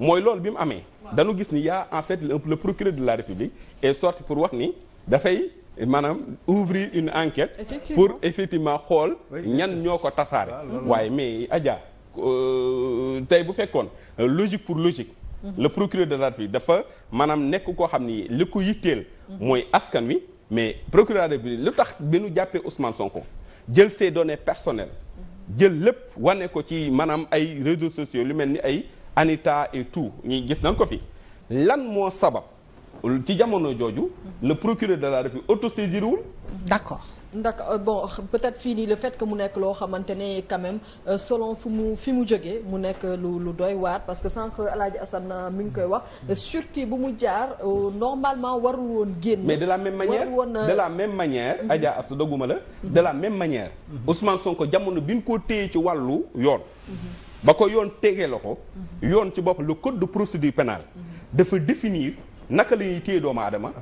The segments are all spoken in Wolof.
mooy loolu bi mu amee dañu gis ni yaa en fait le procureur de la république et sorti pour wax ni dafay maanaam ouvrir une enquête pour effectivement xool ñan ñoo ko tasaare ah, waaye mais Adja euh, tey bu fekkoon euh, logique pour logique mhm. le procureur de la république dafa maanaam nekk koo xam ni li ko yitteel mhm. mooy askan wi mais procureur de la république lu tax bi nu jàppee Ousmane Sonko jël ses données personnelles mhm. jël lépp wane ko ci maanaam ay réseaux sociaux lu mel ni ay Anita et tout ñu gis nañ ko fi lan moo sabab ci jamono jooju le procureur de la République autosaisir wul d'accord ndax euh, bon peut-être fii nii le fait que mu nekk loo xamante ne quand même euh, selon mu fi mu jógee mu nekk lu lu doy waat parce que sànq El Hadj Assane euh, mi ngi koy wax mm. surtout bu mu jaar normalement warul woon génn. mais de la même manière de la même manière. Mm-hmm. Adja Assou la. de la même manière. Mm-hmm. Ousmane ko jamono bi ñu ko téyee ci wàllu yoon. Mm-hmm. ba ko yoon tegee la ko yoon ci bopp le code de procédure pénale dafa définir naka la ñuy téye doomu aadama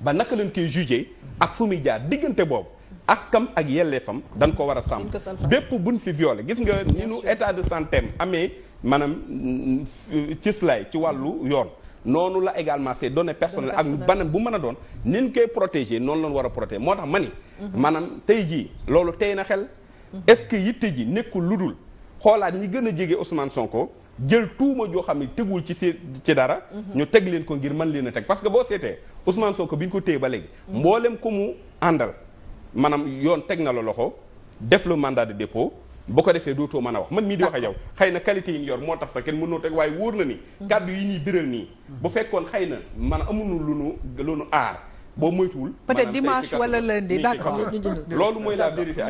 ba naka lañ koy jugé ak fu muy jaar diggante boobu ak kam ak yelleefam dañ ko war a sàmm bépp buñ fi violé gis nga ni nu état de santé amee maanaam mm, cëslaay ci wàllu yoon noonu la également c'est données personnelles ak banam bu mën a doon ni koy protéger noonu lañ war a protéger moo tax ma ni mhm. maanaam tey jii loolu tey na xel mhm. est-ce que yitte ji nekkul ludul xoolaat ñi gën a jege Ousmane Sonko jël tuuma joo xam ne tegul ci si ci dara. Mhm. ñu teg leen ko ngir mën leen a teg parce que boo seetee Ousmane Sonko bi ñu ko téye ba léegi. Mhm. mboolem ko mu àndal maanaam yoon teg na la loxo def la mandat de dépôt. boo ko defee dootoo mën a wax man mii di wax ak yow xëy na qualité yi ñu yor moo tax sax kenn mën noo teg waaye wóor na ni mhm. kàddu yi ñuy biral nii bu fekkoon xay na man amuñu lu nu lu nu aar boo moytuwul peut-être dimanche wala lundi d'accord loolu mooy la vérité